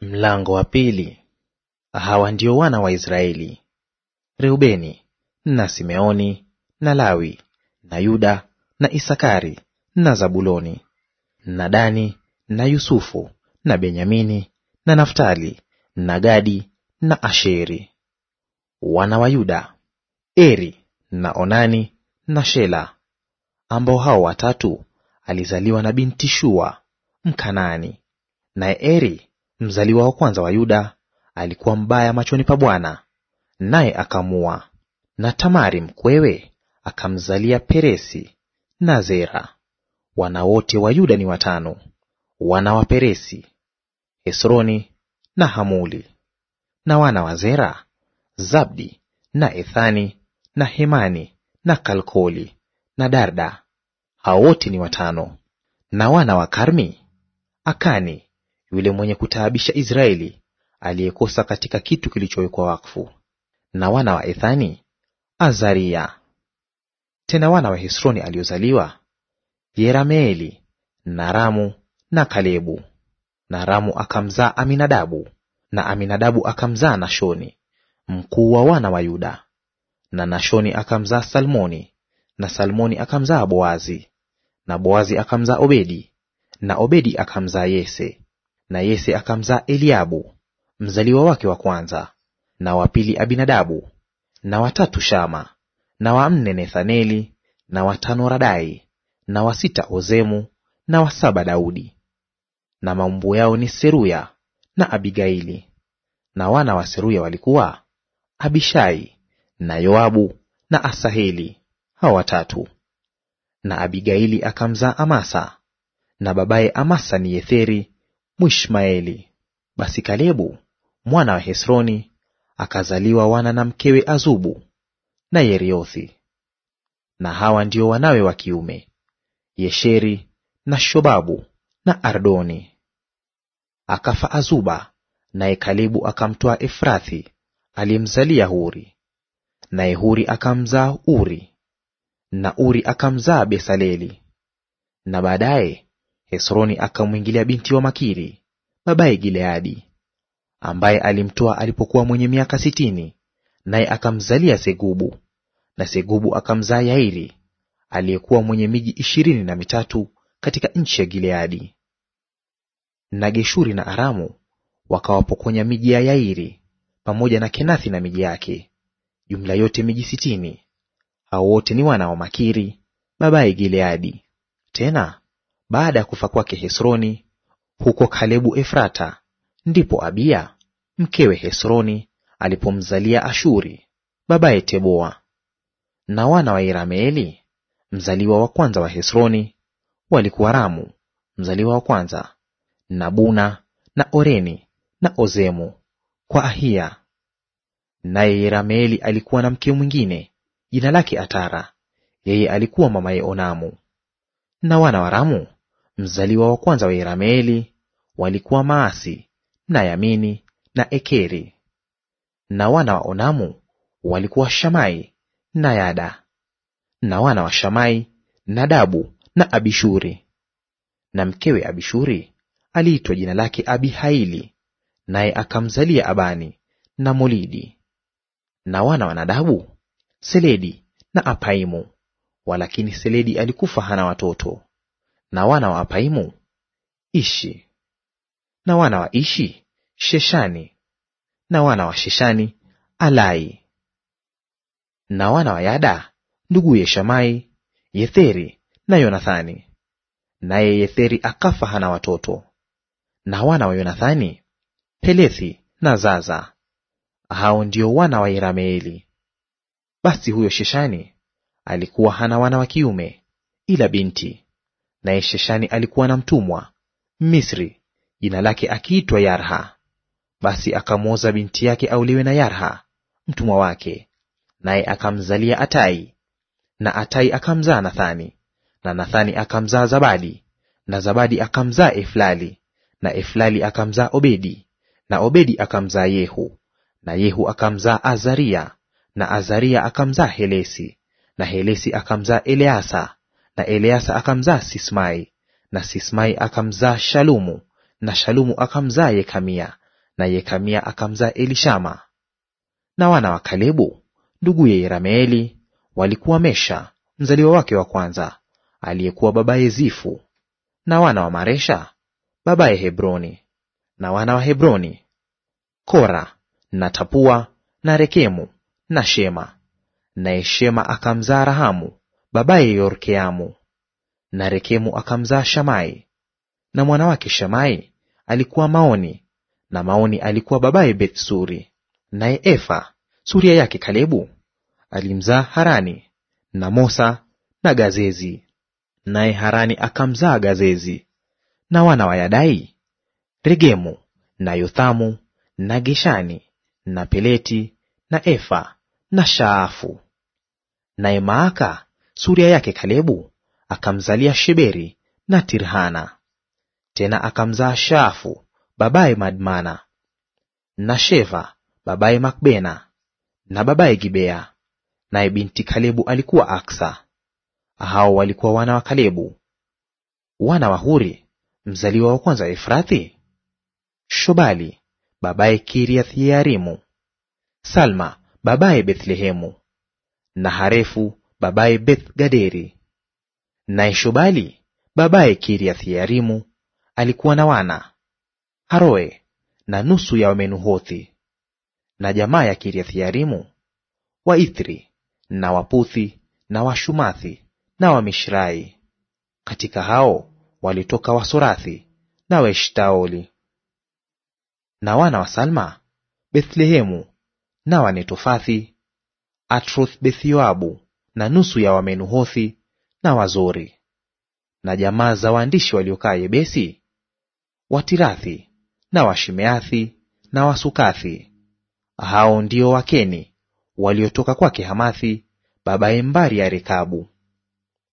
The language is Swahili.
Mlango wa pili. Hawa ndio wana wa Israeli: Reubeni na Simeoni na Lawi na Yuda na Isakari na Zabuloni na Dani na Yusufu na Benyamini na Naftali na Gadi na Asheri. Wana wa Yuda: Eri na Onani na Shela, ambao hao watatu alizaliwa na binti Shua Mkanaani. Naye Eri mzaliwa wa kwanza wa Yuda, alikuwa mbaya machoni pa Bwana, naye akamua. Na Tamari mkwewe akamzalia Peresi na Zera. Wana wote wa Yuda ni watano, wana wa Peresi, Hesroni na Hamuli. Na wana wa Zera, Zabdi na Ethani na Hemani na Kalkoli na Darda; hao wote ni watano. Na wana wa Karmi, Akani yule mwenye kutaabisha Israeli aliyekosa katika kitu kilichowekwa wakfu. Na wana wa Ethani, Azaria. Tena wana wa Hesroni aliozaliwa, Yerameeli na Ramu na Kalebu. Na Ramu akamzaa Aminadabu, na Aminadabu akamzaa Nashoni mkuu wa wana wa Yuda. Na Nashoni akamzaa Salmoni, na Salmoni akamzaa Boazi, na Boazi akamzaa Obedi, na Obedi akamzaa Yese, na Yese akamzaa Eliabu mzaliwa wake wa kwanza, na wa pili Abinadabu, na watatu Shama, na wa nne Nethaneli, na watano Radai, na wa sita Ozemu, na wa saba Daudi. Na maumbu yao ni Seruya na Abigaili. Na wana wa Seruya walikuwa Abishai na Yoabu na Asaheli, hao watatu. Na Abigaili akamzaa Amasa, na babaye Amasa ni Yetheri Mwishmaeli. Basi Kalebu mwana wa Hesroni akazaliwa wana na mkewe Azubu na Yeriothi. Na hawa ndio wanawe wa kiume: Yesheri na Shobabu na Ardoni. Akafa Azuba, naye Kalebu akamtoa Efrathi aliyemzalia Huri, naye Huri akamzaa Uri, na Uri akamzaa Besaleli. Na baadaye Hesroni akamwingilia binti wa Makiri babaye Gileadi, ambaye alimtoa alipokuwa mwenye miaka sitini, naye akamzalia Segubu, na Segubu akamzaa Yairi aliyekuwa mwenye miji ishirini na mitatu katika nchi ya Gileadi. Na Geshuri na Aramu wakawapokonya miji ya Yairi pamoja na Kenathi na miji yake, jumla yote miji sitini. Hao wote ni wana wa Makiri babaye Gileadi. Tena baada ya kufa kwake Hesroni huko Kalebu Efrata, ndipo Abiya mkewe Hesroni alipomzalia Ashuri babaye Teboa. Na wana wa Irameeli mzaliwa wa kwanza wa Hesroni walikuwa Ramu mzaliwa wa kwanza na Buna na Oreni na Ozemu kwa Ahia. Naye yerameeli alikuwa na mke mwingine jina lake Atara, yeye alikuwa mamaye Onamu. Na wana wa Ramu Mzaliwa wa kwanza wa Irameeli walikuwa Maasi na Yamini na Ekeri. Na wana wa Onamu walikuwa Shamai na Yada. Na wana wa Shamai Nadabu na Abishuri. Na mkewe Abishuri aliitwa jina lake Abihaili, naye akamzalia Abani na Molidi. Na wana wa Nadabu Seledi na Apaimu, walakini Seledi alikufa hana watoto na wana wa Apaimu Ishi, na wana wa Ishi Sheshani, na wana wa Sheshani Alai, na wana wa Yada ya Shamai Yetheri na Yonathani. Naye Yetheri akafa hana watoto. Na wana wa Yonathani Pelethi na Zaza. Hao ndio wana wa Irameeli. Basi huyo Sheshani alikuwa hana wana wa kiume ila binti, Naye Sheshani alikuwa na mtumwa Misri, jina lake akiitwa Yarha. Basi akamwoza binti yake auliwe na Yarha mtumwa wake, naye akamzalia Atai, na Atai akamzaa Nathani, na Nathani akamzaa Zabadi, na Zabadi akamzaa Eflali, na Eflali akamzaa Obedi, na Obedi akamzaa Yehu, na Yehu akamzaa Azaria, na Azaria akamzaa Helesi, na Helesi akamzaa Eleasa, na Eleasa akamzaa Sismai, na Sismai akamzaa Shalumu, na Shalumu akamzaa Yekamia, na Yekamia akamzaa Elishama. Na wana wa Kalebu nduguye Yerameeli walikuwa Mesha mzaliwa wake wa kwanza, aliyekuwa babaye Zifu, na wana wa Maresha babaye Hebroni, na wana wa Hebroni Kora na Tapua na Rekemu na Shema. Naye Shema akamzaa Rahamu babaye Yorkeamu. Na Rekemu akamzaa Shamai, na mwanawake Shamai alikuwa Maoni, na Maoni alikuwa babaye Bethsuri. Naye Efa suria yake Kalebu alimzaa Harani na Mosa na Gazezi, naye Harani akamzaa Gazezi. Na wana wa Yadai Regemu na Yothamu na Geshani na Peleti na Efa na Shaafu. Naye Maaka suria yake Kalebu akamzalia Sheberi na Tirhana. Tena akamzaa Shaafu babaye Madmana na Sheva babaye Makbena na babaye Gibea, naye binti Kalebu alikuwa Aksa. Hao walikuwa wana wa Kalebu. Wana wa Huri mzaliwa wa kwanza wa Efrathi, Shobali babaye Kiriath Yearimu, Salma babaye Bethlehemu, na Harefu babaye Beth-Gaderi. Naye Shobali babaye Kiriath-Yearimu alikuwa na wana Haroe na nusu ya Wamenuhothi na jamaa ya Kiriath-Yearimu, Waithri na Waputhi na Washumathi na Wamishrai. Katika hao walitoka Wasorathi na Waeshtaoli. Na wana wa Salma, Bethlehemu na Wanetofathi, Atroth Bethyoabu na nusu ya Wamenuhothi na Wazori. Na jamaa za waandishi waliokaa Yebesi, Watirathi na Washimeathi na Wasukathi, hao ndio Wakeni waliotoka kwake Hamathi babaye mbari ya Rekabu.